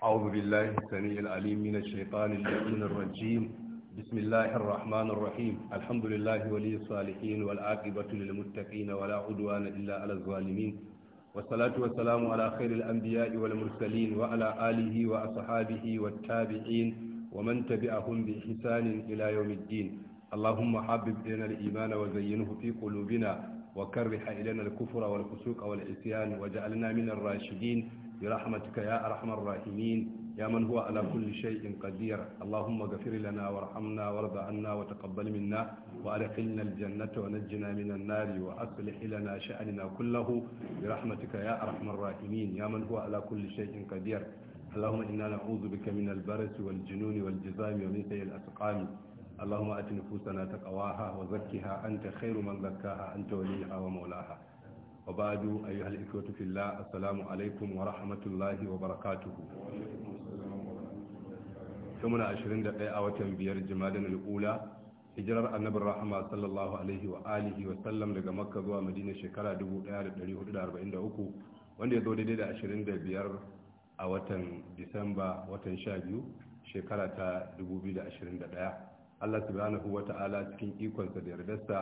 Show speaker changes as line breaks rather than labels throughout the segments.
أعوذ بالله السميع العليم من الشيطان اللعين الرجيم بسم الله الرحمن الرحيم الحمد لله ولي الصالحين والعاقبة للمتقين ولا عدوان إلا على الظالمين والصلاة والسلام على خير الأنبياء والمرسلين وعلى آله وأصحابه والتابعين ومن تبعهم بإحسان إلى يوم الدين اللهم حبب إلينا الإيمان وزينه في قلوبنا وكره إلينا الكفر والفسوق والعصيان وجعلنا من الراشدين برحمتك يا أرحم الراحمين يا من هو على كل شيء قدير اللهم اغفر لنا وارحمنا وارض عنا وتقبل منا وأدخلنا الجنة ونجنا من النار وأصلح لنا شأننا كله برحمتك يا أرحم الراحمين يا من هو على كل شيء قدير اللهم إنا نعوذ بك من البرس والجنون والجزام ومن سيء الأسقام اللهم أت نفوسنا تقواها وزكها أنت خير من زكاها أنت وليها ومولاها وبعد أيها الإخوة في الله السلام عليكم ورحمة الله وبركاته ثمنا عشرين دقيقة وتنبير جمالنا الأولى hijirar annabin rahama sallallahu alaihi wa wa sallam daga makka zuwa madina shekara 1443 wanda ya zo daidai da 25 a watan disamba watan 12 shekara ta 2021 allah subhanahu wa ta'ala cikin ikonsa da yardarsa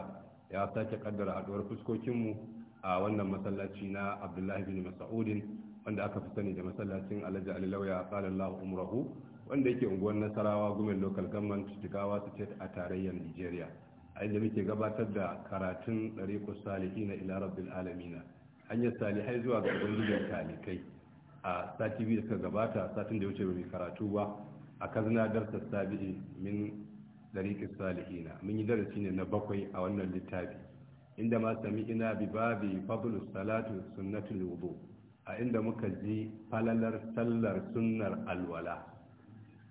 ya sake kaddara haduwar fuskokinmu a wannan masallaci na abdullahi bin mas'udin wanda aka fi sani da masallacin alhaji ali lauya sallallahu umrahu wanda yake unguwar nasarawa gumen local government jigawa state a tarayyar nigeria a inda muke gabatar da karatun ɗariƙus salihina ila rabbil alamina hanyar salihai zuwa ga ubangijin talikai a sati biyu suka gabata satin da ya wuce mai karatu ba a kazna darsa sabi'i min ɗariƙus salihina mun yi darasi ne na bakwai a wannan littafi inda ma sami'ina bi babi fadlus salatu sunnatul wudu a inda muka ji falalar sallar sunnar alwala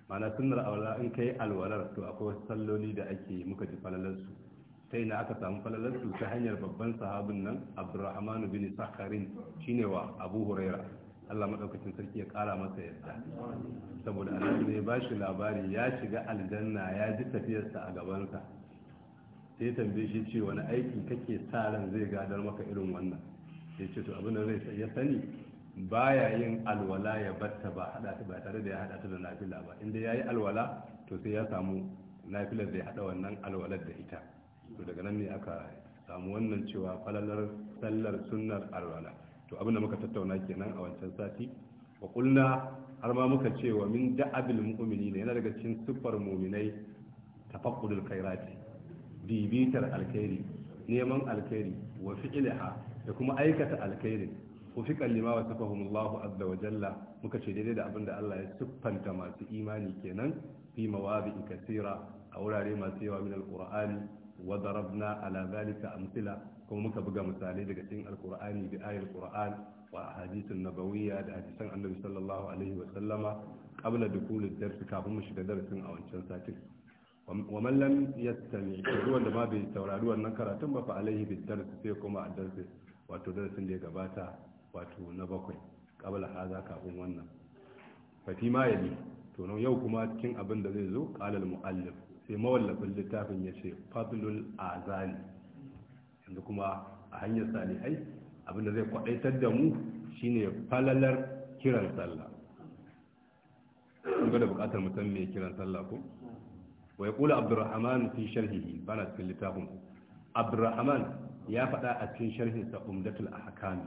mana sunnar alwala in kai alwalar to akwai salloli da ake muka ji falalarsu sai na aka samu falalarsu ta hanyar babban sahabin nan abdurrahman bin sakarin shine wa abu huraira Allah madaukakin sarki ya kara masa yadda saboda Allah ne ya bashi labari ya shiga aljanna ya ji tafiyarsa a gabansa sai tambaye shi ce wani aiki kake sa ran zai gadar maka irin wannan sai ce to abin da zai ya sani baya yin alwala ya batta ba hada ta ba tare da ya hada ta da nafila ba inda yi alwala to sai ya samu nafilar da ya hada wannan alwalar da ita to daga nan ne aka samu wannan cewa falalar sallar sunnar alwala to abin da muka tattauna kenan a wancan sati wa kulna har ma muka ce wa min da'abil mu'minina yana daga cikin siffar mu'minai tafaqqudul khairati bibitar alkhairi neman alkhairi wa fi'liha da kuma aikata alkhairin ufiqan lima wa sifahum azza wa jalla muka ce daidai da abin da Allah ya siffanta masu imani kenan fi mawadi kasira a wurare masu yawa min alqur'ani wa darabna ala zalika amsila kuma muka buga misalai daga cikin alqur'ani bi ayatul qur'an wa ahadithun nabawiyya da hadisan annabi sallallahu alaihi wa sallama qabla dukulid darsi kafin mu shiga darasin a wancan satin wa man lam yastami duk wanda ba bai saurari wannan karatun ba fa alaihi bi darsi sai kuma a darsi wato darsin da ya gabata wato na bakwai kabla haza kafin wannan fa fi ma to nan yau kuma cikin abin da zai zo qala al muallif sai mawallafin littafin ya ce fadlul azan yanzu kuma a hanyar salihai abin da zai kwadaitar da mu shine falalar kiran sallah kun ga da bukatar mutum mai kiran sallah ko Wai yaqulu abdurrahman fi sharhihi bana cikin littafin abdurrahman ya faɗa a cikin sharhin sa umdatul ahkam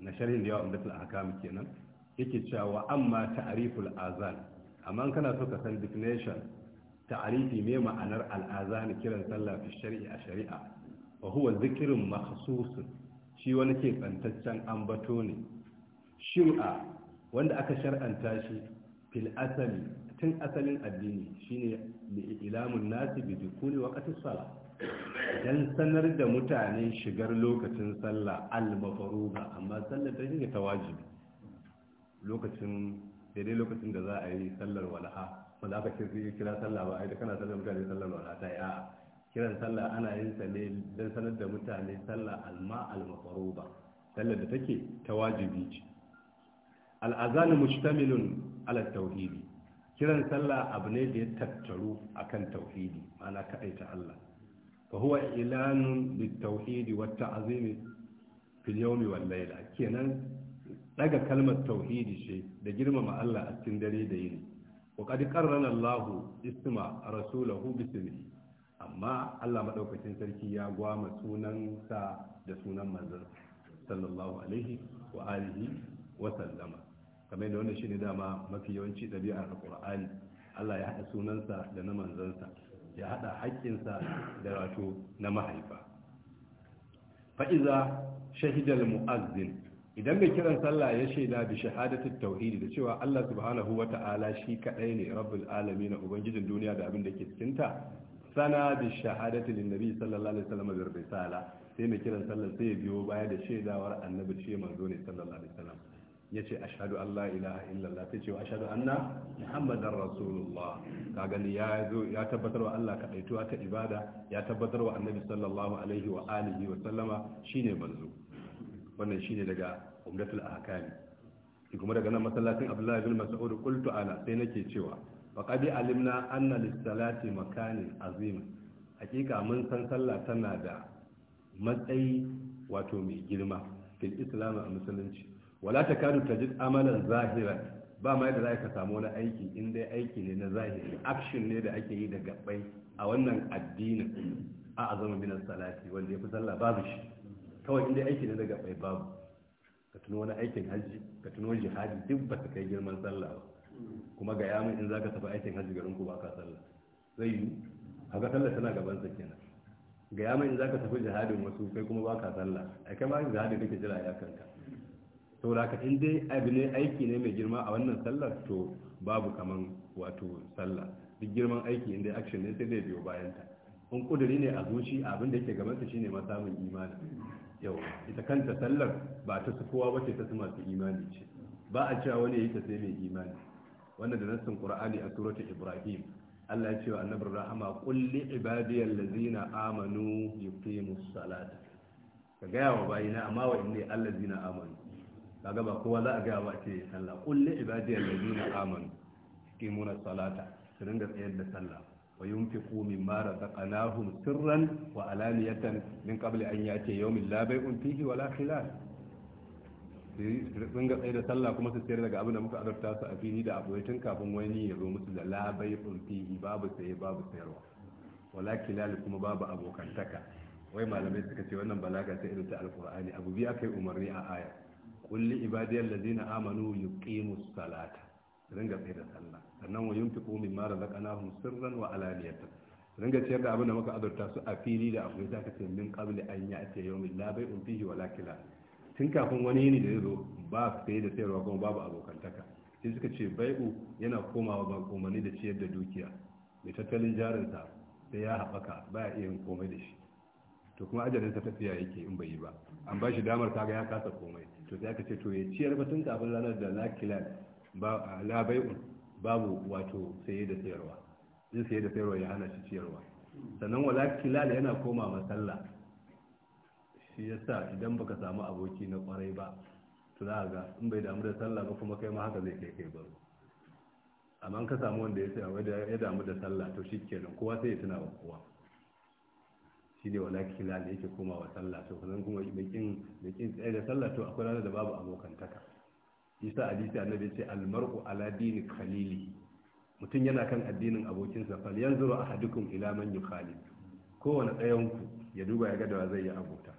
na sharhin da yawa umdatul ahkam kenan yake cewa amma ta'riful azan amma kana so ka san definition ta'rifi me ma'anar al'azan kiran sallah fi shar'i a shari'a wa huwa zikrun makhsusun shi wani ke tsantaccen ambato ne shir'a wanda aka shar'anta shi fil asali tun asalin addini shine ne ilamun nasi bi dukuli waqtis sala don sanar da mutane shigar lokacin sallah al-mafruza amma sallar ta shiga ta wajibi lokacin daidai lokacin da za a yi sallar walaha ba za ka kira sallah ba yi da kana sallar mutane sallar walaha ta yi a. kiran sallah ana yin sa ne sanar da mutane sallah alma al-mafruza sallar da take ta wajibi ce al-azanu milin, ala tauhidi kiran sallah abu ne da ya tattaru akan tauhidi ana kaɗaita Allah fa huwa ilanun bit tauhidi wa ta'zimi fil yawmi wal layla kenan daga kalmar tauhidi ce da girmama Allah a cikin dare da yini wa qad qarrana Allah isma rasulahu bismihi amma Allah madaukakin sarki ya gwama sunansa da sunan manzon sallallahu alaihi wa alihi wa sallama kamar da wannan shine dama mafi yawanci a alqur'ani Allah ya haɗa sunansa da na manzansa ya haɗa haƙƙinsa da wato na mahaifa fa'iza shahidal mu'azzin idan mai kiran sallah ya shaida bi shahadatul tauhidi da cewa Allah subhanahu wata'ala shi kadai ne rabbul alamin ubangijin duniya da abin da ke cikin ta sana bi shahadati linnabi sallallahu alaihi wasallam bi risala sai mai kiran sallah sai ya biyo baya da shaidawar annabi ce manzo ne sallallahu alaihi wasallam ya ce ashadu Allah ilaha illallah ta ce wa ashadu anna muhammadan rasulullah ka gani ya zo ya tabbatar wa Allah kadaituwa ta ibada ya tabbatar wa annabi sallallahu alaihi wa alihi wa sallama shine manzo wannan shine daga umdatul ahkam ki kuma daga nan masallacin abdullahi bin Mas'ud qultu ala sai nake cewa faqad alimna anna lis-salati makanin azim hakika mun san sallah tana da matsayi wato mai girma fil islam a musulunci wala takadu tajid amalan zahiran ba ma yadda za ka samu wani aiki in dai aiki ne na zahiri action ne da ake yi da gabbai a wannan addinin a azama minan salati wanda ya fi sallah babu shi kawai in dai aiki ne na gabbai babu ka tuno wani aikin hajji ka tuno jihadi duk ba ta kai girman sallah ba kuma ga yamin in za ka tafi aikin hajji garin ku ba ka sallah zai yi haka sallah tana gaban sa kenan ga yamin in za ka tafi jihadin wasu kai kuma ba ka sallah ai kai ma jihadin kake jira ya kanka saboda in dai abu ne aiki ne mai girma a wannan sallar to babu kaman wato sallah duk girman aiki in dai action ne sai zai biyo bayan ta in kuduri ne a zuci abin da yake gaban ta shine ma samun imani yau ita kanta sallar ba ta su kowa bace ta su masu imani ce ba a cewa wani yayi ta sai mai imani wannan da nassin qur'ani a suratul ibrahim Allah ya ce wa annabi rahama li ibadiyal allazina amanu yuqimus salata ka gaya wa bayina amma wa inni allazina amanu kaga ba kowa za a gaya wa ce sallah kulli ibadiyal ladina amanu yuqimuna salata su ringa tsayar da sallah wa yunfiqu mimma razaqnahum sirran wa alaniyatan min qabli an yati yawmin la bay'un fihi wala khilal su ringa tsayar da sallah kuma su tsayar daga abin da muka azurta su a fili da abokin kafin wani ya zo musu da la bay'un fihi babu saye babu sayarwa wala khilal kuma babu abokantaka wai malamai suka ce wannan balaga ta irin ta alqur'ani abu biya kai umarni a aya kulli ibadiyal ladina amanu yuqimus salata ringa tsaye da sallah sannan wa yunfiqu mimma razaqnahum sirran wa alaniyatan ringa ciyar da abin da muka azurta su a fili da akwai da ce min qabli an ya'ti yawmin la bai'un fihi wala kila tun kafin wani yini da yazo ba sai da sayarwa kuma babu abokantaka sai suka ce bai'u yana komawa ba komani da ciyar da dukiya mai tattalin jarinsa sai ya haɓaka ba ya iya yin komai da shi to kuma ajalin sa tafiya yake in bai yi ba an ba shi damar kaga ya kasa komai to sai aka ce to ya ciyar ba tun kafin ranar da la labai ba babu wato saye da sayarwa in saye da sayarwa ya hana shi ciyarwa sannan wala kilal yana koma masalla shi yasa idan baka samu aboki na kwarai ba to za ga in bai damu da sallah ba kuma kai ma haka zai kai kai ba amma ka samu wanda ya sai ya damu da sallah to kenan kowa sai ya tuna kowa ne wala kila da yake komawa sallah to kuma kuma bakin bakin tsaye da sallah to akwai ranar da babu abokantaka isa hadisi annabi ce almar'u ala dini khalili mutum yana kan addinin abokinsa fal yanzuru ahadukum ila man yukhalil kowane ɗayan ku ya duba ya ga da zai yi abota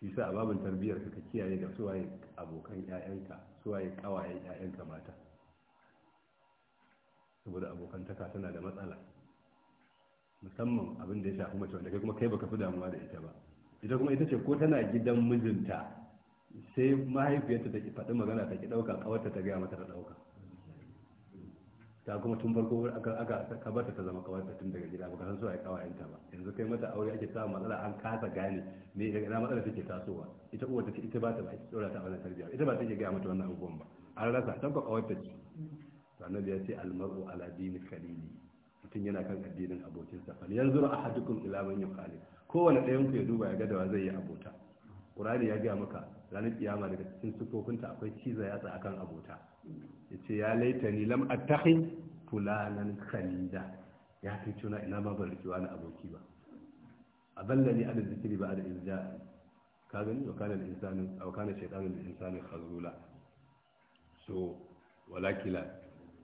shi sa a babin tarbiyyar ka kiyaye da suwaye abokan ƴaƴanka suwaye kawayen ƴaƴanka mata saboda abokantaka tana da matsala musamman abin da ya shafi mace wanda kai kuma kai baka fi damuwa da ita ba ita kuma ita ce ko tana gidan mijinta sai mahaifiyarta ta ki faɗi magana ta ki ɗauka kawarta ta gaya mata ta ɗauka ta kuma tun farko aka aka kabarta ta zama ƙawarta tun daga gida baka san su a kawayenta ba yanzu kai mata aure ake samun matsala an kasa gane me daga ina matsala take tasowa ita uwar ta ita ba ta ba ita ta wannan tarbiyya ita ba ta ke gaya mata wannan abubuwan ba an rasa tabba kawarta ce Sannan annabi ya ce almaru ala dini khalili mutum yana kan addinin abokinsa fal yanzu ahadukum ila man yukhalif kowane ɗayan ku ya duba ya ga da zai yi abota qur'ani ya gaya maka ranar kiyama daga cikin sufofinta akwai ciza yatsa kan abota yace ya laitani lam attakhi fulanan khalida ya fi tuna ina ma ban riki wani aboki ba a ballani ala zikri ba da izja ka gani wa kana insanu aw kana shaytanu insani khazula so walakila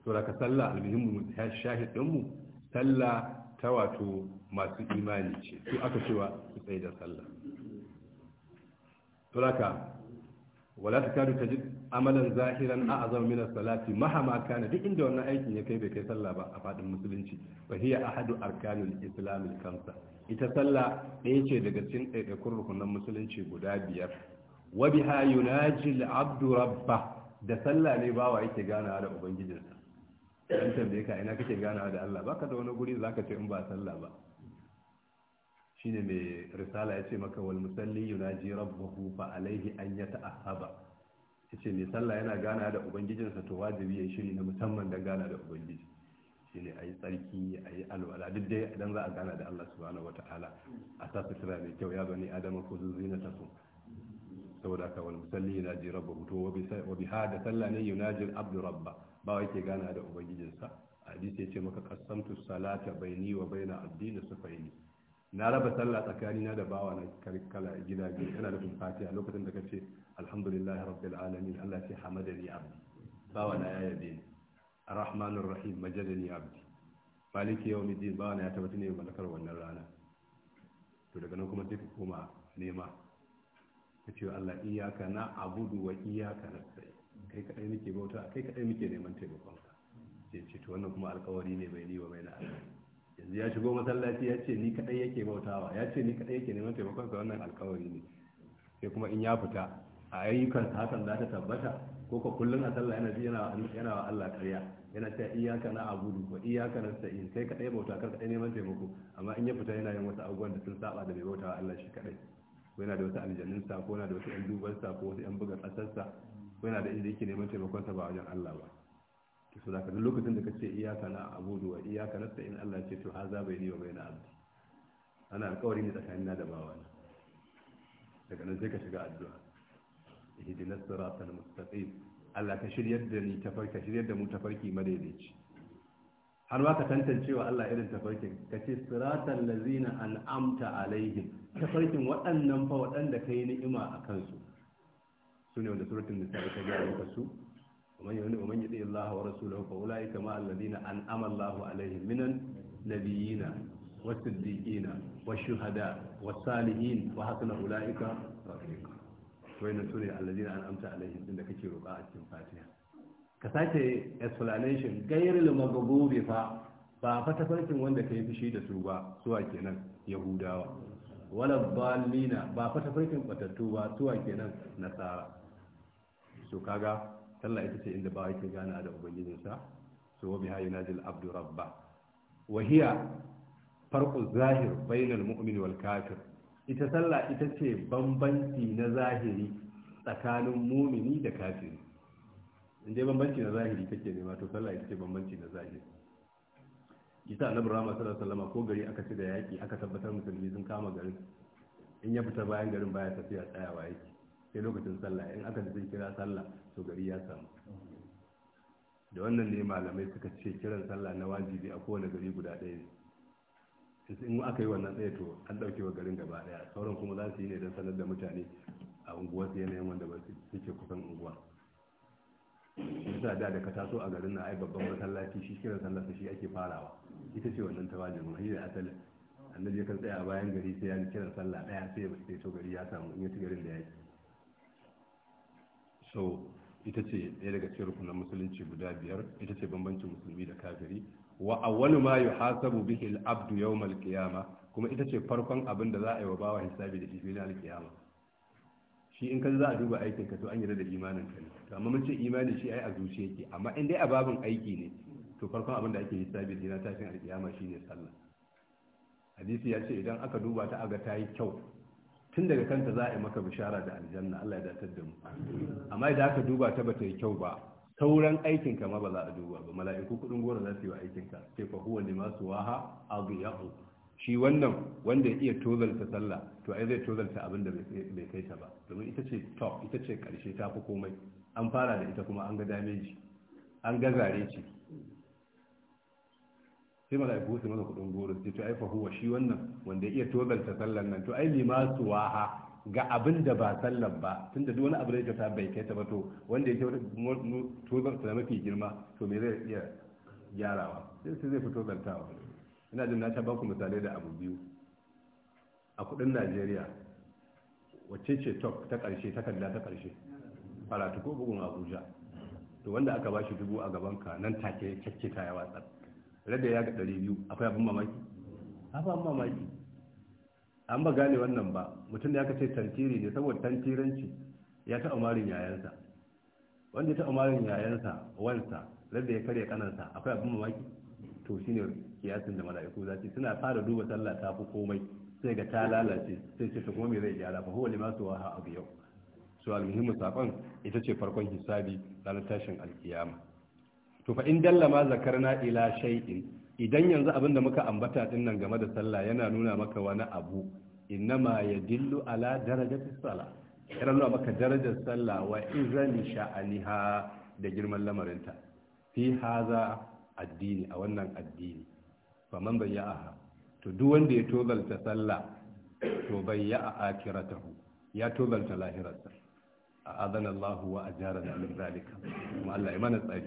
sura ka sallah almuhimmu shahid din mu sallah ta wato masu imani ce su aka cewa su tsaye da sallah turaka wala ta kadu tajid amalan zahiran a'azam min as-salati mahama kana duk inda wannan aikin ya kai bai kai sallah ba a fadin musulunci fa hiya ahadu arkanul islam al ita sallah ɗaya ce daga cikin ɗaiɗaikun rukunan musulunci guda biyar wa biha yunaji al-abdu Rabba da sallah ne bawa yake ganawa da ubangijinsa mutum da ka ina kake ganawa da Allah baka da wani guri ka ce in ba sallah ba shi ne mai risala ya ce maka wal musalli ji rabbahu fa alaihi an ya ce mai sallah yana gana da ubangijinsa to wajibi ya shiri na musamman da gana da ubangiji a yi tsarki a yi alwala duk dai idan za a gana da Allah subhanahu wataala a sa sutura mai kyau ya bani adama ko zuzi na tafi baraka wal musalli yunaji rabbahu to wa bi hada sallah ne yunaji abdu rabba ba yake ke gana da ubangijinsa hadisi ya ce maka qasamtu salata baini wa baina abdi na na raba sallah tsakani na da bawa na karkala gida biyu yana da a lokacin da kace alhamdulillahi rabbil alamin Allah ya hamadani abdi bawa na ya yabe arrahmanur rahim majadani abdi maliki yawmiddin bawa na ya tabbata ne mallakar wannan rana to daga nan kuma sai koma nema ka ce Allah iyaka na abudu wa iyaka nasta'in kai kadai muke bauta kai kadai muke neman taimakon ka ce to wannan kuma alkawari ne bai ni wa bai na Allah yanzu ya shigo masallaci ya ce ni kadai yake bautawa ya ce ni kadai yake neman taimakon ka wannan alkawari ne sai kuma in ya fita a ayyukan hakan za ta tabbata ko ka kullun a sallah yana yana yana wa Allah ƙarya yana cewa iyaka na abudu wa na nasta'in kai kadai bauta kar kadai neman taimako amma in ya fita yana yin wasu abubuwan da sun saba da bai bautawa Allah shi kadai ko yana da wasu aljanunsa ko yana da wasu 'yan dubansa ko wasu 'yan buga ƙasarsa ko yana da inda yake neman taimakonsa ba wajen Allah ba to so zaka duk lokacin da kace iyaka na abudu wa iyaka nasta'in Allah ce to haza bayni wa bayna abdi ana alƙawari ne tsakanin da bawa daga nan sai ka shiga addu'a ihdinas siratal mustaqim Allah ka shiryar da ni tafarki ka shiryar da mu tafarki madaidaici har ma ka tantancewa Allah irin tafarkin kace siratal ladzina an'amta alaihim tafarkin waɗannan fa waɗanda ka yi ni'ima a kansu su ne wanda suratun nisa ta gaya maka su ومن يؤمن ومن يطع الله ورسوله فاولئك مع الذين انعم الله عليهم من النبيين والصديقين والشهداء والصالحين وحسن اولئك رفيقا وين سوره الذين انعمت عليهم din da kake roƙa a cikin Fatiha ka sake explanation gairil maghdubi fa ba fa tafarkin wanda fushi da su ba suwa kenan yahudawa wala balina ba fa tafarkin batattu ba suwa kenan nasara so kaga sallah ita ce inda ba yake gana da ubangijinsa so wa biha yunadil abdu rabba wa hiya farqu zahir bainal mu'min wal kafir ita sallah ita ce bambanci na zahiri tsakanin mumini da kafiri in bambanci na zahiri kake nema to sallah ita ce bambanci na zahiri gita annabi rama sallallahu alaihi ko gari aka ci da yaki aka tabbatar musulmi sun kama garin in ya fita bayan garin baya tafiya tsayawa yake sai lokacin sallah in aka sun kira sallah to gari ya samu da wannan ne malamai suka ce kiran sallah na wajibi a kowane gari guda ɗaya ne in aka yi wannan tsaye to an ɗauke wa garin gaba ɗaya sauran kuma za su yi ne don sanar da mutane a unguwar yanayin wanda ba suke kusan unguwa yasa da da ka taso a garin na ai babban masallaci shi kiran sallar shi ake farawa ita ce wannan tawajin wani da asali annabi kan tsaya bayan gari sai ya kiran sallah daya sai ya sai to gari ya samu in ya garin da ya so ita ce ɗaya daga cikin rukunan musulunci guda biyar ita ce bambancin musulmi da kafiri wa awwalu ma yuhasabu bihi al-abdu yawm al-qiyamah kuma ita ce farkon abin da za a yi wa bawa hisabi da shi filin al-qiyamah shi in ka za a duba aikin ka to an yi da imanin ka ne to amma mun ce imani shi ai a zuciya yake amma in dai a babin aiki ne to farkon abin da ake hisabi dina tashin alkiyama shine sallah hadisi ya ce idan aka duba ta aga ta yi kyau tun daga kanta za a yi maka bishara da aljanna Allah ya datar da mu amma idan aka duba ta bata yi kyau ba sauran aikin ka ma ba za a duba ba mala'iku kudin gora za su yi wa aikin ka sai fa huwa limasu waha adhiyahu shi wannan wanda ya iya tozalta sallah to ai zai tozalta abin da bai kai ta ba domin ita ce top ita ce karshe ta fi komai an fara da ita kuma an ga dameji an ga zare ce sai ibu su mana kudin goro sai to ai fahuwa shi wannan wanda ya iya tozalta sallan nan to ai limasu waha ga abin da ba sallan ba tunda duk wani abu da ya ta bai kai ta ba to wanda ya tozalta mafi girma to me zai iya gyarawa sai zai fi ba. ina jin na ta baku misalai da abu biyu a kudin najeriya wacce ce top ta karshe ta kalla ta karshe faratu ko bugun abuja to wanda aka bashi dubu a gaban ka nan take ta yawa tsar rada ya ga ɗari biyu akwai abin mamaki abin abin mamaki an ba gane wannan ba mutum da ya kace tantiri ne saboda tantiranci ya taɓa marin yayansa wanda ya taɓa marin yayansa wansa rada ya karya kanansa akwai abin mamaki to shine kiyasin da mala'iku za su suna fara duba sallah ta fi komai sai ga ta lalace sai ce ta kuma me zai gyara fa huwa limasu wa ha abu yau so almuhimmu sakon ita ce farkon hisabi ranar tashin alkiyama to fa in dalla ma zakarna ila shay'in idan yanzu abin da muka ambata din nan game da sallah yana nuna maka wani abu innama yadillu ala darajati sallah yana nuna maka darajar sallah wa izani sha'aniha da girman lamarinta fi haza addini a wannan addini faman bayya'aha to duk wanda ya tozalta sallah to bayya'a akhiratahu ya tozalta lahirarsa adana Allah wa ajarana min zalika kuma Allah ya mana tsari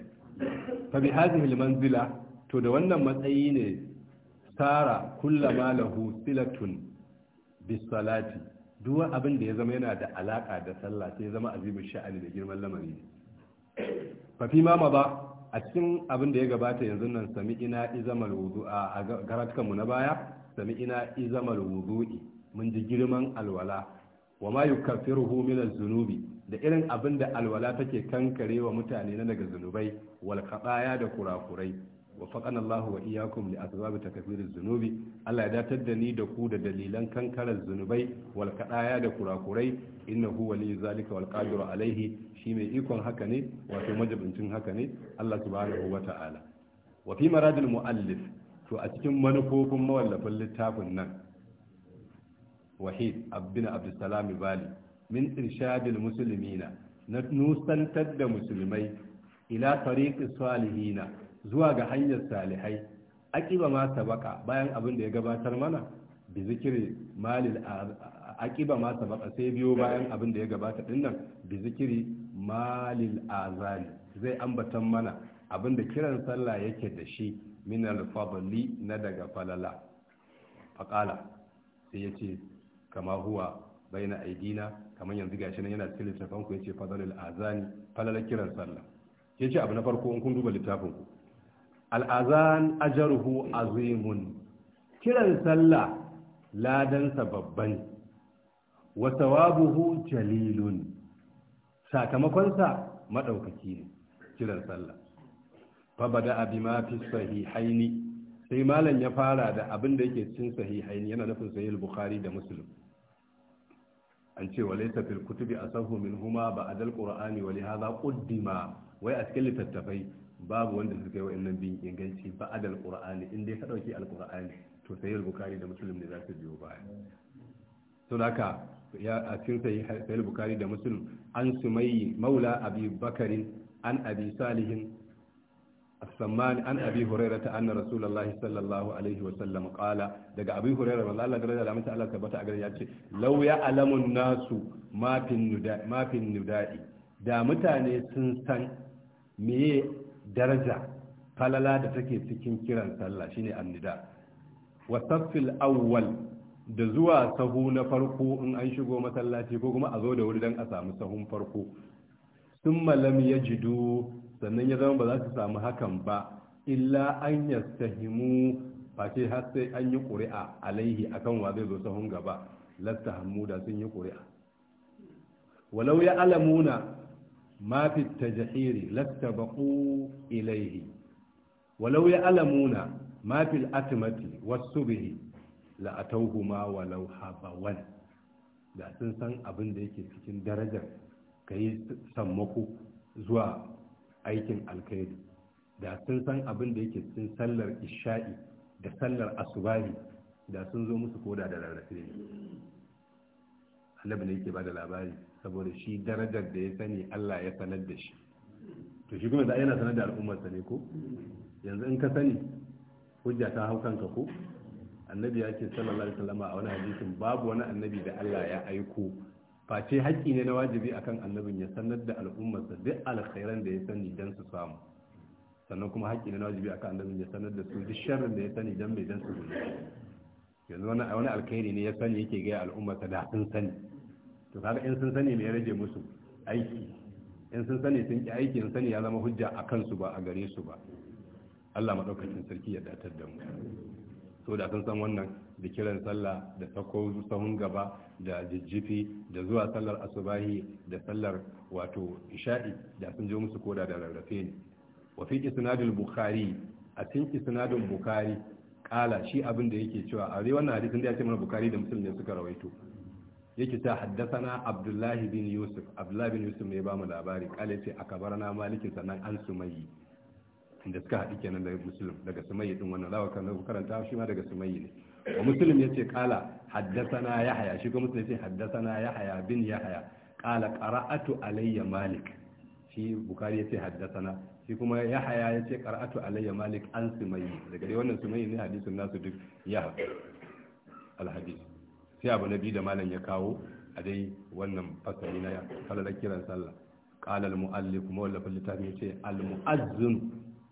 fa bi hadhihi almanzila to da wannan matsayi ne sara kullama lahu silatun bis salati duk abin da ya zama yana da alaka da sallah sai ya zama azimin sha'ani da girman lamari fa fi ma ba a cikin abin da ya gabata yanzu nan sami ina izamal wudu a garatkan mu na baya sami ina izamal wudu'i mun ji girman alwala wa ma yukaffiruhu min zunubi da irin abin da alwala take kankare wa mutane na daga zunubai wal da kurakurai وفقنا الله وإياكم لأسباب تكفير الذنوب ألا يدتدني دكود دليلا كنكر الذنوبي والكآيا دكرا كري إنه ولي ذلك والقادر عليه شيمي إيكون هكني وتمجب انتن هكني الله سبحانه وتعالى وفي مراد المؤلف to a cikin manufofin mawallafin littafin nan wahid abin abdulsalam bali min irshadil musulmina na nusantar da musulmai ila tariqi salihina zuwa ga hanyar salihai aqiba ma sabaka bayan abin da ya gabatar mana bi zikiri malil aqiba ma sabaka sai biyo bayan abin da ya gabata dinnan bi zikiri malil azali zai ambatan mana abin da kiran sallah yake da shi min al-fadli na daga falala faqala sai yace kama huwa baina aidina kamar yanzu gashi nan yana cikin littafin ku yace fadlul azani falala kiran sallah yace abu na farko in kun duba littafin ku al'azan ajaruhu azimun kiran sallah ladansa babban wa sawabuhu jalilun sakamakonsa maɗaukaki ne kiran sallah fabada abi ma fi sahihaini sai malam ya fara da abin da yake cikin sahihaini yana nufin sahih bukhari da muslim an ce wa laysa fil kutubi asahu min huma ba'da al-qur'ani wa li quddima wai a cikin littattafai babu wanda suka yi wa'annan bin inganci ba adal qur'ani in dai ka dauki alqur'ani to sai bukari da musulun ne za su biyo baya to haka ya a cikin sai bukari da musulun an sumayyi maula abi bakarin an abi salihin السمان عن أبي هريرة أن رسول الله صلى الله عليه وسلم قال دقى أبي هريرة والله الله درجة لما تعالى كبتا أقرأ يأتي لو ya الناس ما في النداء ما في da mutane sun san meye. daraja falala da take cikin kiran sallah shine annida wa safil awwal da zuwa sahu na farko in an shigo masallaci ko kuma a zo da wuri dan a samu sahun farko sun malam ya jidu sannan ya zama ba za su samu hakan ba illa an ya sahimu sai har sai an yi ƙuri'a alaihi akan wa zai zo sahun gaba lasta hamuda sun yi ƙuri'a walau ya alamuna ما في التجحير لاتبقوا إليه ولو يعلمون ما في الأتمة والسبه لأتوهما ولو حبوان da sun san abin da yake cikin darajar ka yi sammako zuwa aikin alkhairi da sun san abin da yake cikin sallar isha'i da sallar asubahi da sun zo musu koda da rarrafe ne annabi ne yake ba da labari saboda shi darajar da ya sani Allah ya sanar da shi to shi kuma da yana sanar da al'ummarsa ne ko yanzu in ka sani hujja ta hau kanka ko annabi ya ce sallallahu alaihi wasallam a wani hadisin babu wani annabi da Allah ya aiko face haƙƙi ne na wajibi akan annabin ya sanar da al'ummarsa duk alkhairan da ya sani dan su samu sannan kuma haƙƙi ne na wajibi akan annabin ya sanar da su duk sharrin da ya sani dan mai dan su gudu yanzu wani alkhairi ne ya sani yake ga al'ummarsa da sun sani to kaga in sun sani me ya rage musu aiki in sun sani sun ki aiki in sani ya zama hujja a kansu ba a gare su ba Allah madaukakin sarki ya datar da mu so da sun san wannan da kiran sallah da sako sahun gaba da jijjifi da zuwa sallar asubahi da sallar wato isha'i da sun je musu koda da rarrafe ne wa fi isnadul bukhari a cikin isnadul bukhari kala shi abin da yake cewa a wannan hadisin da ya ce mana bukhari da muslim ne suka rawaito yake ta haddasana abdullahi bin yusuf abdullahi bin yusuf mai ba mu labari kala ce a kabarana malikin sannan an sumayi da suka haɗi kenan daga musulun daga sumayi din wannan lawa kan karanta shi ma daga sumayi ne wa musulun ya ce kala haddasana yahaya shi kuma musulun ya ce haddasana yahaya bin yahaya kala qara'atu alayya malik shi bukari ya ce haddasana shi kuma yahaya ya ce qara'atu alayya malik an sumayi daga dai wannan sumayi ne hadisin nasu duk ya al sai abu na biyu da malam ya kawo a dai wannan fasali na falalar kiran sallah qala kuma muallif mawallafin littafin yace al muazzin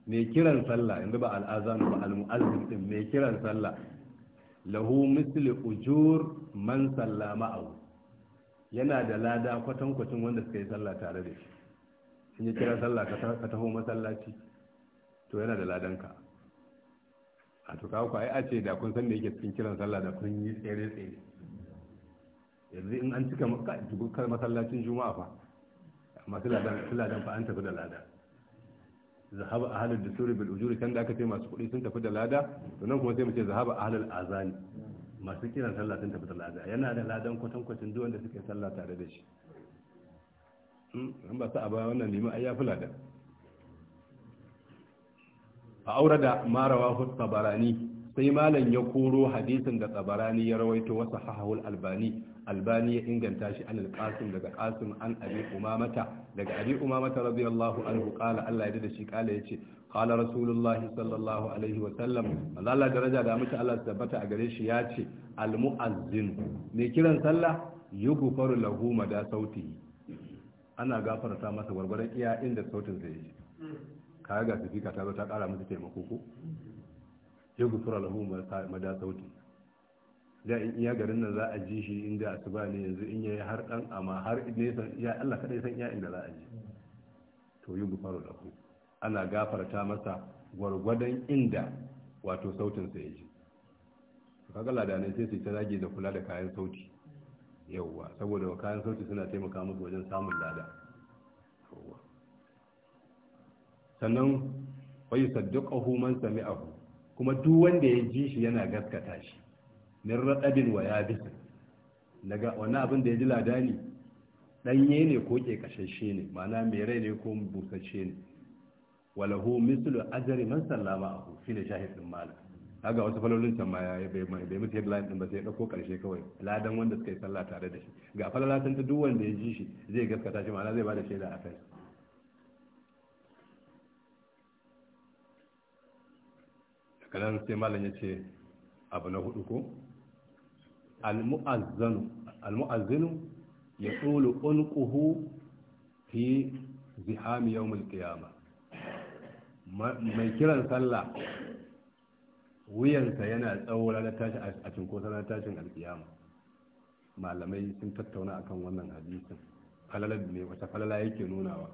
mai kiran sallah yanzu ba al'azan ba al muazzin din mai kiran sallah lahu misli ujur man sallah au yana da lada kwatankwacin wanda suka yi sallah tare da shi in ya kira sallah ka taho masallaci to yana da ladanka a to kawo ai a ce da kun san da yake cikin kiran sallah da kun yi tsere tsere yanzu in an cika dubukar masallacin juma'a fa amma filadan fa an tafi da lada zahaba a halin da bil ujuri kan da aka ce masu kuɗi sun tafi da lada to nan kuma sai mu ce zahaba a halin azani masu kiran sallah sun tafi da lada yana da ladan kwatankwacin duk wanda suke sallah tare da shi an hmm, ba sa a wannan neman ai ya fi a aure da marawa tabarani sai malam ya koro hadisin da tabarani ya rawaito wasu hahahul albani albani ya inganta shi an alqasim daga qasim an abi umamata daga abi umamata radiyallahu anhu qala Allah ya da shi qala yace qala rasulullahi sallallahu alaihi wa sallam Allah daraja da mutu Allah tabbata a gare shi yace al muazzin me kiran sallah yughfaru lahu da sauti. ana gafarta masa gwargwaron iya inda sautin zai yi. kaga ga sifika ta zo ta kara masa taimako ko yughfaru lahu da sauti. da in iya garin nan za a ji shi inda asuba ne yanzu in yayi har dan amma har san ya Allah kadai san iya inda za a ji to yi da ku ana gafarta masa gwargwadon inda wato sautin sa yaji kaga ladanai sai su ta zage da kula da kayan sauti yauwa saboda kayan sauti suna taimaka musu wajen samun lada sannan wai sadduqahu man sami'ahu kuma duk wanda ya ji shi yana gaskata shi min raɗaɗin wa yabis daga wannan abin da ya ji ladani ɗanye ne ko ƙeƙashashe ne ma'ana mai rai ne ko busashe ne walahu mislu ajri man sallama ahu shine shahid din malam kaga wasu falalolin can ma yayi bai mai bai mutu headline din ba sai dauko karshe kawai ladan wanda suka yi sallah tare da shi ga falalatin ta duk wanda ya ji shi zai gaskata shi ma'ana zai bada shaida a kai kalan sai malam ya ce abu na hudu ko al ya tsolo unquhu fi zihami mai kiran sallah wuyansa yana tsawo ranar tashi a cinkosa na tashin alkiyama malamai sun tattauna akan wannan hadisin falalar ne wata falala yake nunawa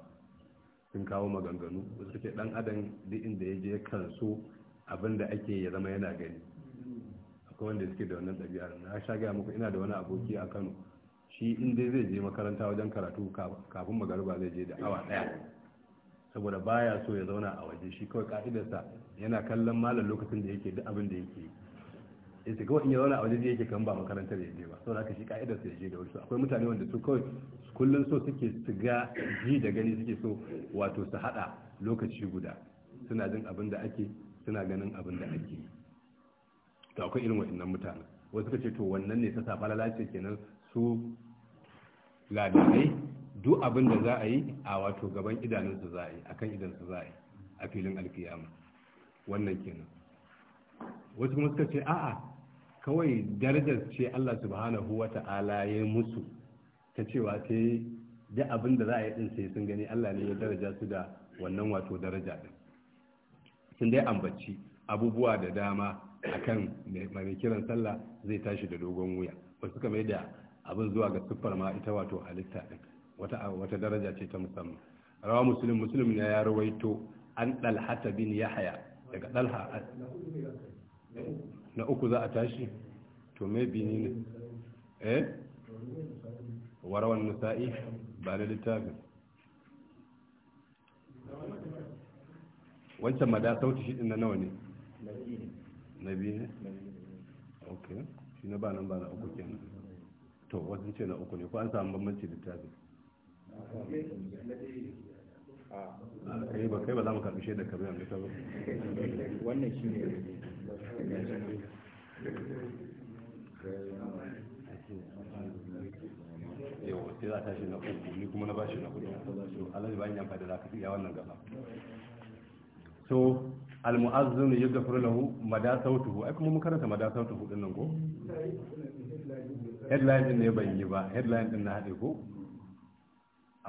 sun kawo maganganu wasu ke dan adam da inda ya je kan so abinda ake ya zama yana gani akwai wanda suke da wannan ɗabi'ar na sha gaya muku ina da wani aboki a kano shi in dai zai je makaranta wajen karatu kafin magariba zai je da awa ɗaya saboda baya so ya zauna a waje shi kawai ka'idarsa yana kallon malam lokacin da yake duk abin da yake yi yace kawai in ya zauna a waje yake kan ba makarantar ya je ba saboda haka shi ka'idarsa ya je da wasu akwai mutane wanda su kawai kullum so suke su ga ji da gani suke so wato su hada lokaci guda suna jin abin da ake suna ganin abin da ake to akwai irin waɗannan mutane wasu suka ce to wannan ne ta sa lafiya kenan su ladanai duk abin da za a yi a wato gaban idanunsu za a yi akan su za a yi a filin alkiyama wannan kenan wasu kuma suka ce a'a kawai darajar ce Allah subhanahu wa ta'ala ya musu ta cewa sai da abin da za a yi din sai sun gani Allah ne ya daraja su da wannan wato daraja din sun dai ambaci abubuwa da dama akan mai kiran sallah zai tashi da dogon wuya ba suka mai da abin zuwa ga siffar ma ita wato halitta din wata wata daraja ce ta musamman rawa muslim muslim ne ya rawaito an dalhata bin yahya daga dalha na uku za a tashi to me bini ne eh warawan nisa'i ba da littafin wancan ma da sauti shi din na nawa ne na biyu ne ok shi na ba nan ba na uku nan to wasu ce na uku ne ko an samu bambanci littafi kai eh, ba kai ba za mu karbi shaida kamar yanzu ta ba wannan shi ne yau sai za ta shi na uku ni kuma na ba shi na uku alaji ba yin yamfa da za ka fi wannan gaba so almu'azzin ya gafar lahu mada sautuhu ai kuma mun karanta mada sautuhu din nan ko headline din ne ban yi ba headline din na hade ko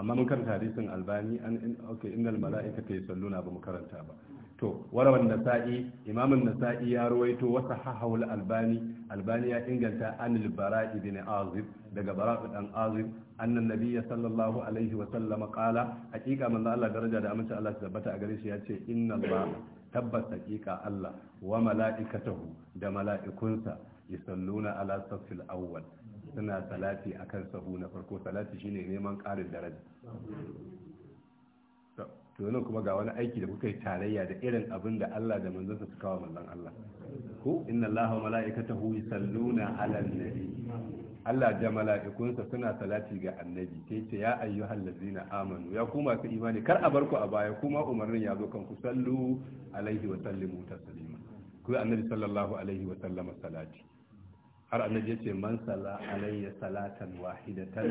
amma mun karanta hadisin albani an okay innal mala'ikata yusalluna ba mu karanta ba to warawan nasa'i imamun nasa'i ya ruwaito wasa hahawul albani albani ya inganta anil bara'i bin azib daga bara'u dan azib annan nabiyya sallallahu alaihi wa sallam qala haqiqa manzo Allah daraja da amince Allah tabbata a gare shi yace inna Allah tabbas hakika Allah wa mala'ikatahu da mala'ikunsa yusalluna ala safil awwal suna salati akan sahu na farko salati shine neman ƙarin daraja to nan kuma ga wani aiki da kuka yi tarayya da irin abin da Allah da sa suka wa manzon Allah ko inna Allah wa mala'ikatahu yusalluna ala nabi Allah da mala'ikunsa suna salati ga annabi sai ce ya ayyu hallazina amanu ya kuma su imani kar a barku a baya kuma umarnin ya zo kan ku sallu alaihi wa sallimu taslima ku annabi sallallahu alaihi wa sallama salati har annabi yace man salla alayya salatan wahidatan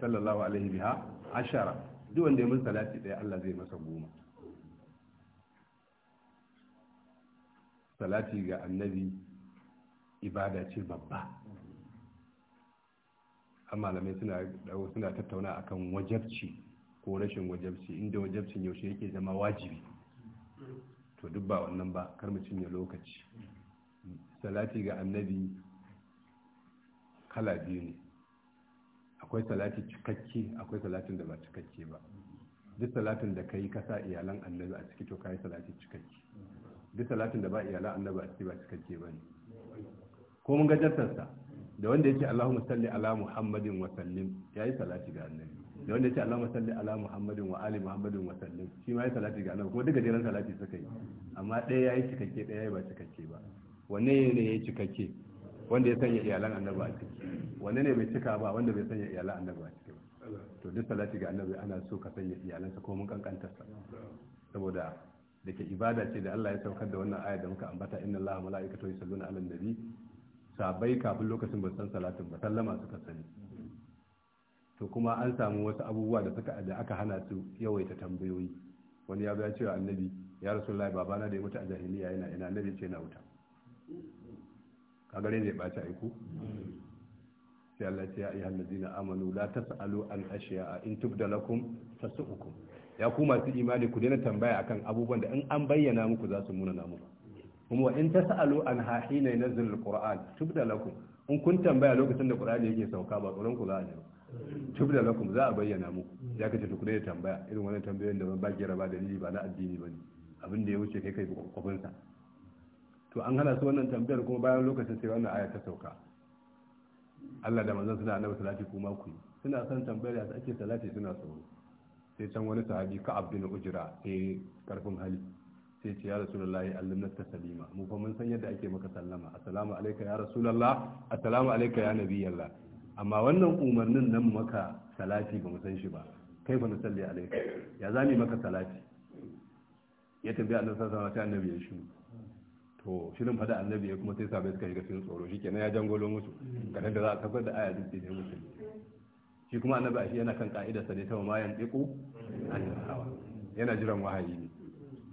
sallallahu alaihi biha ashara duk wanda ya mun salati daya Allah zai masa goma salati ga annabi ibada ce babba har malamai suna tattauna akan wajabci ko rashin wajabci inda wajabcin yaushe yake zama wajibi to duk ba wannan ba kar mu cinye lokaci salati ga annabi kala biyu ne akwai salati cikakke akwai salatin da ba cikakke ba duk salatin da ka yi kasa iyalan annabi a ciki to ka yi salati cikakke duk salatin da ba iyalan annabi a ciki ba cikakke ba ne ko mun gajartarsa da wanda yake Allahumma salli ala Muhammadin wa sallim yayi salati ga annabi da wanda yake Allahumma salli ala Muhammadin wa ali Muhammadin wa sallim shi ma yayi salati ga annabi kuma duka jiran salati suka yi amma ɗaya yayi cikakke ɗaya yayi ba cikakke ba wanne ne yayi cikakke wanda ya sanya iyalan annabi a ciki wanne ne bai cika ba wanda bai sanya iyalan annabi a ciki ba to duk salati ga annabi ana so ka sanya iyalansa ko mun kankantar sa saboda da ke ibada ce da Allah ya saukar da wannan aya da muka ambata inna Allah mala'ikatu yusalluna 'alan nabi sabai kafin lokacin ba san salatin ba sallama suka sani to kuma an samu wasu abubuwa da suka da aka hana su yawaita tambayoyi wani ya ya cewa annabi ya rasulullahi babana da ya mutu a jahiliya yana ina annabi ce na wuta Ka gare ne ba ta aiko sai Allah ya ayyuhal ladina amanu la tasalu an ashiya in tubda lakum tasukum ya ku masu imani ku daina tambaya akan abubuwan da in an bayyana muku za su muna namu kuma in tasalu an hahina yanzil alquran tubda lakum in kun tambaya lokacin da qur'ani yake sauka ba tsoron ku za a ji tubda lakum za a bayyana muku ya kace duk da tambaya irin wannan tambayoyin da ba baki raba ni ba na addini bane abin da ya wuce kai kai kofin sa to an hana su wannan tambayar kuma bayan lokacin sai wannan aya ta sauka Allah da manzon suna annabi salati kuma ku suna son tambayar da ake salati suna tsoro sai can wani sahabi ka abdul ujra sai eh, karfin hali sai ce ya rasulullahi allimna taslima mu fa mun san yadda ake maka sallama assalamu alayka ya rasulullah assalamu alayka ya nabiyallah amma wannan umarnin nan maka salati ba mu san shi ba kai fa nusalli alayka ya zami maka salati ya tambaya annabi sallallahu alaihi wasallam annabi ya shi to shirin fada annabi ya kuma sai sabai suka shiga cikin tsoro shikenan ya jangolo musu kada da za ka tabbatar aya duk da musu shi kuma annabi a shi yana kan ka'idarsa ne ta ma yan diku yana jiran wahayi ne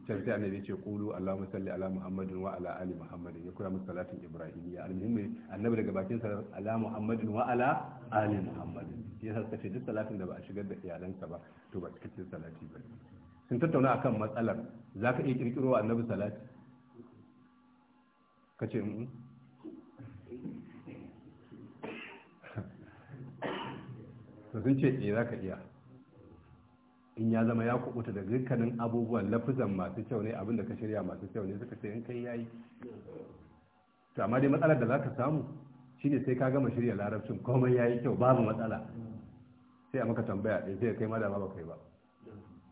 can sai annabi ce kulu allahumma salli ala muhammadin wa ala ali muhammadin ya koya musu salatin ibrahimiyya almuhimmi annabi daga bakin sa ala muhammadin wa ala ali muhammadin yasa suka ce duk salatin da ba a shigar da iyalansa ba to ba cikin salati ba sun tattauna akan matsalar zaka iya kirkiro wa annabi salati kace in to sun ce eh zaka iya in ya zama ya kubuta da dukkanin abubuwan lafizan masu kyau ne abin da ka shirya masu kyau ne suka ce in kai yayi to amma dai matsalar da zaka samu shine sai ka gama shirya larabcin komai yayi kyau babu matsala sai a maka tambaya ɗaya sai kai ma da ba kai ba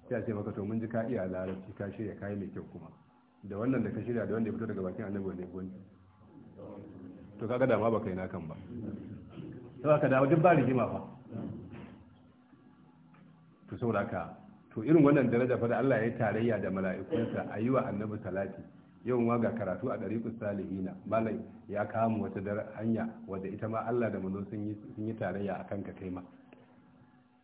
sai a ce maka to mun ji ka iya larabci ka shirya kai mai kyau kuma da wannan da ka shirya da wanda ya fito daga bakin annabi wanda ya gwanci to kaga da ma ba kai na kan ba sai ka dawo duk ba rigima fa to sauraka to irin wannan daraja fa da Allah ya yi tarayya da mala'ikunsa a yi wa annabi salati yau ma ga karatu a ɗariƙus salihina malai ya kama wata hanya wadda ita ma Allah da manzo sun yi tarayya akan ka kai ma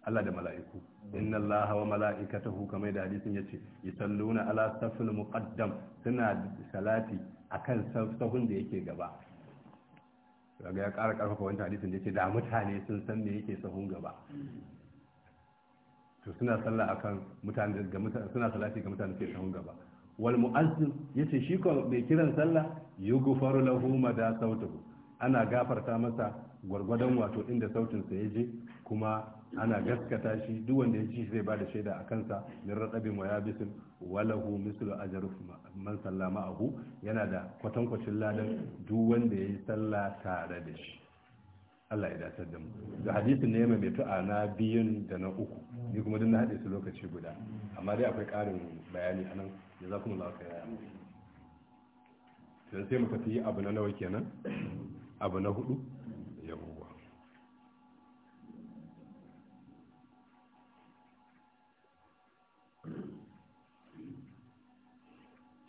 Allah da mala'iku inna Allah wa mala'ikatahu kamar da hadisin yace yusalluna ala safil muqaddam suna salati akan safin da yake gaba kaga ya ƙara ƙarfafa wannan hadisin da yace da mutane sun san me yake sahun gaba to suna sallah akan mutane ga mutane suna salati ga mutane ke sahun gaba wal mu'azzin yace shi ko mai kiran sallah yughfaru lahu da sautahu ana gafarta masa gwargwadon wato inda sautin sa yaje kuma ana gaskata shi duk wanda ya ci zai bada shaida a kansa min radabi wa yabisin walahu mislu ajruf man sallama ahu yana da kwatankwacin ladan duk wanda yayi sallah tare da shi Allah ya dace da mu da hadisin ne mai tu'a na biyun da na uku ni kuma duk na haɗe su lokaci guda amma dai akwai ƙarin bayani a nan ya za kuma za ka yaya sai sai muka fi abu na nawa kenan abu na hudu yawwa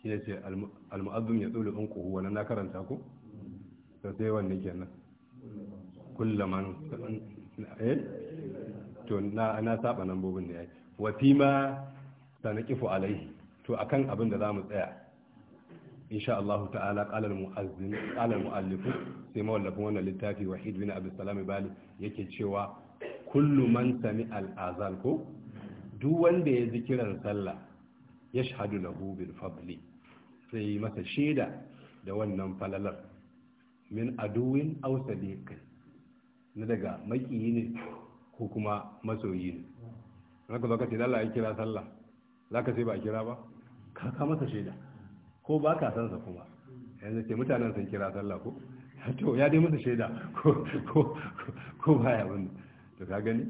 shi ne ce almu'azzum ya tsulu in ku wani na karanta ku sai wannan kenan kullaman eh? to na saba nan bobin da yayi wa fi ma sanaqifu alaihi to akan abin da zamu tsaya insha Allah ta'ala qala al-mu'azzin sai mawallafin wannan littafi wahid bin abdus salam bali yake cewa kullu man sami al ko duk wanda ya ji kiran sallah ya shahadu lahu bil fadli sai masa shaida da wannan falalar min aduwin aw sadiqin na daga makiyi ne ko kuma masoyi ne zaka zo ka ce Allah ya kira sallah zaka ce ba a kira ba ka ka masa shaida ko ba ka san sa kuma yanzu ce mutanen sun kira sallah ko to ya dai masa shaida ko ko ko baya wannan to ka gani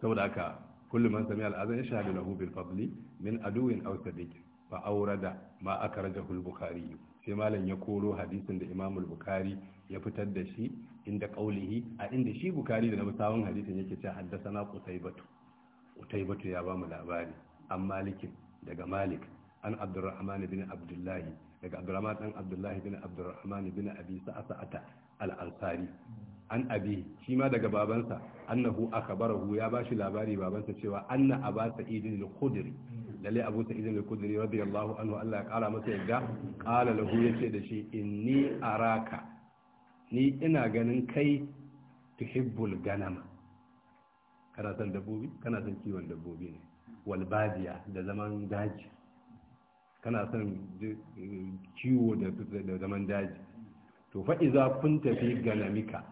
saboda haka kullum man sami al'azan yashhadu lahu bil fadli min aduwin aw sadiq fa awrada ma akrajahu al-bukhari sai malam ya koro hadisin da imamul bukari ya fitar da shi inda kaulihi a inda shi bukari da na musawun hadisin yake ce haddasana qutaybatu qutaybatu ya ba mu labari an malikin daga malik an abdurrahman bin abdullahi daga abdurrahman dan abdullah bin abdurrahman bin abi sa'ata al-ansari an abi shi ma daga babansa annahu akhbarahu ya bashi labari babansa cewa anna aba sa'id al-khudri lalle abu sa'id al-khudri radiyallahu anhu Allah ya kara masa yadda qala lahu yace da shi inni araka ni ina ganin kai tuhibbul ganama kana san dabbobi kana san kiwon dabbobi ne wal da zaman daji kana son kiwo da zaman daji to fa'iza kun tafi ganamika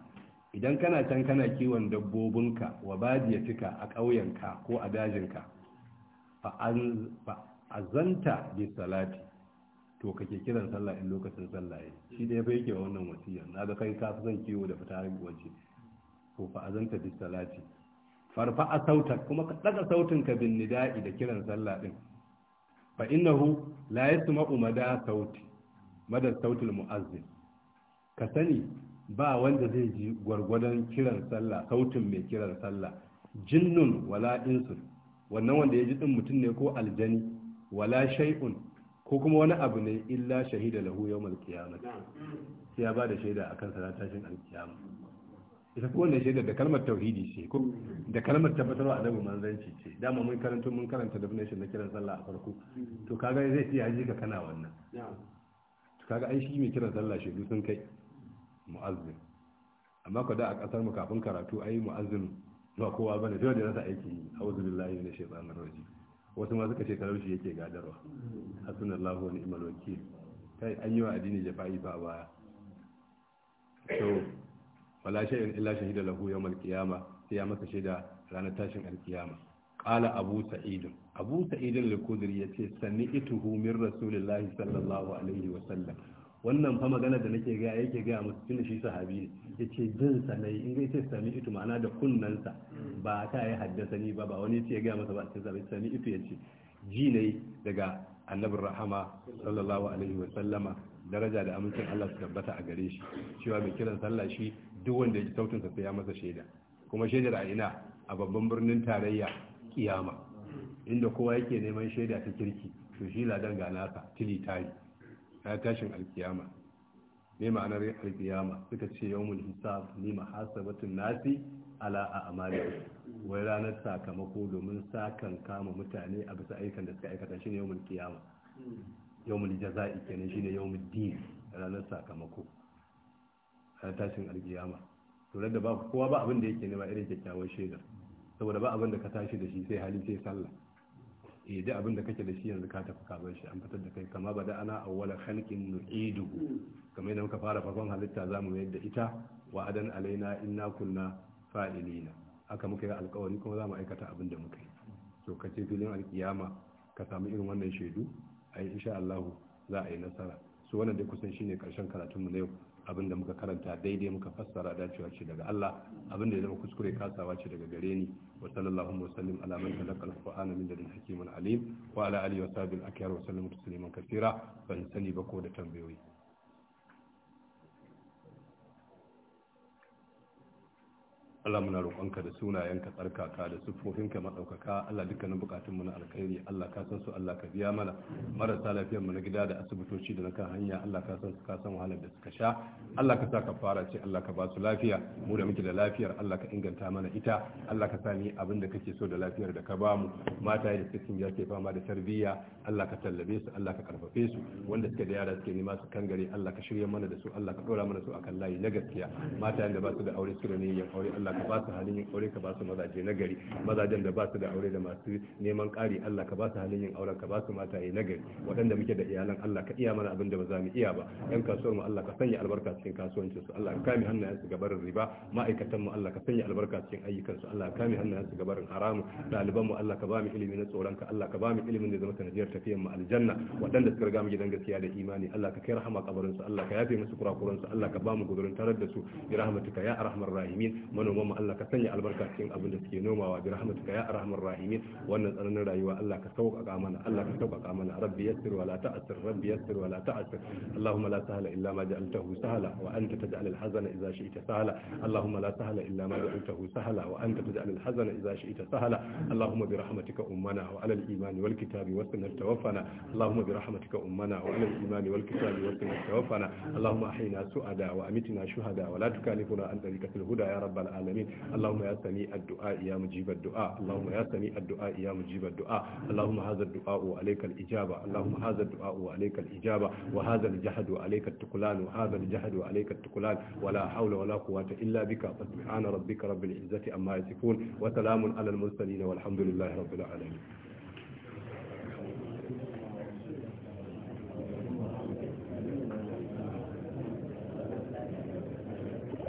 idan kana can kana kiwon dabbobinka wa badiyatika a ƙauyenka ko a dajinka fa'azanta bi salati to kake kiran sallah in lokacin sallah ya shi da ya fi yake wannan wasiya na ga kai ka zan kiwo da fita wance to fa'azanta bi salati farfa a sautar kuma ka ɗaga sautin ka bin nida'i da kiran sallah din fa innahu la ma'u mada sauti mada sautin mu'azzin ka sani ba wanda zai ji gwargwadon kiran sallah sautin mai kiran sallah jinnun wala insu. wannan wanda ya ji din mutum ne ko aljani wala shay'un ko kuma wani abu ne illa shahida lahu yawmal qiyamah sai ya bada shaida akan sa tashin alkiyama ita ko wannan shaida da kalmar tauhidi ce ko da kalmar tabbatarwa annabi manzanci ce dama mun karanto mun karanta definition na kiran sallah a farko to kaga zai iya ji ka kana wannan to kaga ai shi mai kiran sallah shaidu sun kai mu'azzin amma ko da a kasar mu kafin karatu ai mu'azzin ba kowa ba ne dole rasa aiki yi a wasu billahi na shaitan raji wasu ma suka ce shi yake gadarwa hasun allahu wani imal wakil kai an yi wa addini fa'i ba baya so wala in illa shahida lahu yawmal qiyama sai ya masa shaida ranar tashin alkiyama Ƙala abu sa'id abu likudiri ya ce yace ituhu min rasulillahi sallallahu alaihi wa sallam wannan fa magana da nake ga yake ga musu tunda shi sahabi ne yace din sa in ga yace sami itu ma'ana da kunnan sa ba ta yi haddasa ni ba ba wani yace ga masa ba cikin sa sami itu yace ji nayi daga annabin rahama sallallahu alaihi wa daraja da amincin Allah su tabbata a gare shi cewa mai kiran sallah shi duk wanda ya sautin sa ya masa shaida kuma shaidar a ina a babban birnin tarayya kiyama inda kowa yake neman shaida ta kirki to shi ladan ga nasa tili tari a tashin alkiyama ne ma'anar alkiyama suka ce yawmul hisab ni mahasabatun nasi ala a amali wai ranar sakamako domin sakan kama mutane a bisa aikan da suka aikata shine yawmul kiyama yawmul jaza'i ne shine yawmul din ranar sakamako a tashin alkiyama to da ba kowa ba abin da yake ne ba irin kyakkyawar shaidar saboda ba abin da ka tashi da shi sai hali sai sallah eh da abin da kake da shi yanzu ka tafi ka shi an fitar da kai kama ba da ana awwala khalqin nu'idu kamar yadda muka fara farkon halitta za mu da ita wa adan alaina inna kunna fa'ilina haka muka yi alkawari kuma za mu aikata abin da muka yi to ka ce filin alkiyama ka samu irin wannan shaidu ai insha Allah za a yi nasara su wannan dai kusan shine karshen karatun mu na yau abinda muka karanta daidai muka fassara dacewa ce daga Allah abinda ya zama kuskure kasawa ce daga gare ni wa sallallahu wa sallim ala man talaqa al-qur'ana min hakimin alim wa ala alihi wa sahbihi al-akhyar wa sallam taslima ban sani ba ko da tambayoyi Allah muna roƙonka da sunayenka tsarkaka da siffofinka maɗaukaka Allah dukkanin bukatunmu na alkhairi Allah ka san su Allah ka biya mana marasa lafiyar mu na gida da asibitoci da na kan hanya Allah ka san su ka san wahalar da suka sha Allah ka sa ka fara ce Allah ka ba su lafiya mu da muke da lafiyar Allah ka inganta mana ita Allah ka sa ni abin da kake so da lafiyar da ka ba mu mata da suke ya ke fama da tarbiyya Allah ka tallabe su Allah ka karfafe su wanda suke da yara suke nema su kangare Allah ka shirya mana da su Allah ka dora mana su akan layi na gaskiya mata da ba su da aure su da niyyar aure Allah ka ba su halin yin aure ka ba su mazaje na gari mazajen da ba su da aure da masu neman ƙari Allah ka ba su halin yin auren ka ba su mataye na gari waɗanda muke da iyalan Allah ka iya mana abin da ba za mu iya ba ƴan kasuwar mu Allah ka sanya albarka cikin kasuwancin su Allah ka kame hannayen su gabarin riba ma'aikatan mu Allah ka sanya albarka cikin ayyukan su Allah ka kame hannayen su gabarin haramu ɗaliban mu Allah ka ba mu ilimi na tsoron ka Allah ka ba mu ilimin da zama sanadiyar tafiyan mu aljanna waɗanda suka riga mu gidan gaskiya da imani Allah ka kai rahama kabarin su Allah ka yafe musu kurakuran su Allah ka ba mu gudurin tarar da su bi rahmatika ya arhamar rahimin manoman mu Allah ka sanya albarka cikin abin da suke nomawa bi rahmatuka ya arhamar rahimin wannan tsananin rayuwa Allah ka sauƙaƙa mana Allah ka sauƙaƙa mana rabbi yassir wa la ta'sir rabbi yassir wa la ta'sir Allahumma la sahla illa ma ja'altahu sahla wa anta taj'al al-hazana idza shi'ta sahla Allahumma la sahla illa ma ja'altahu sahla wa anta taj'al al-hazana idza shi'ta sahla Allahumma bi rahmatika ummana wa ala al-iman wal kitabi wa sunnah tawaffana Allahumma bi rahmatika ummana wa ala al-iman wal kitabi wa sunnah tawaffana Allahumma ahyina su'ada wa amitina shuhada wa la tukallifuna an tariqatil huda ya rabbal alamin العالمين اللهم يا سميع الدعاء يا مجيب الدعاء اللهم يا سميع الدعاء يا مجيب الدعاء اللهم هذا الدعاء وعليك الإجابة اللهم هذا الدعاء وعليك الإجابة وهذا الجهد وعليك التقلان وهذا الجهد وعليك التقلان ولا حول ولا قوة إلا بك فسبحان ربك رب العزة أما يصفون وسلام على المرسلين والحمد لله رب العالمين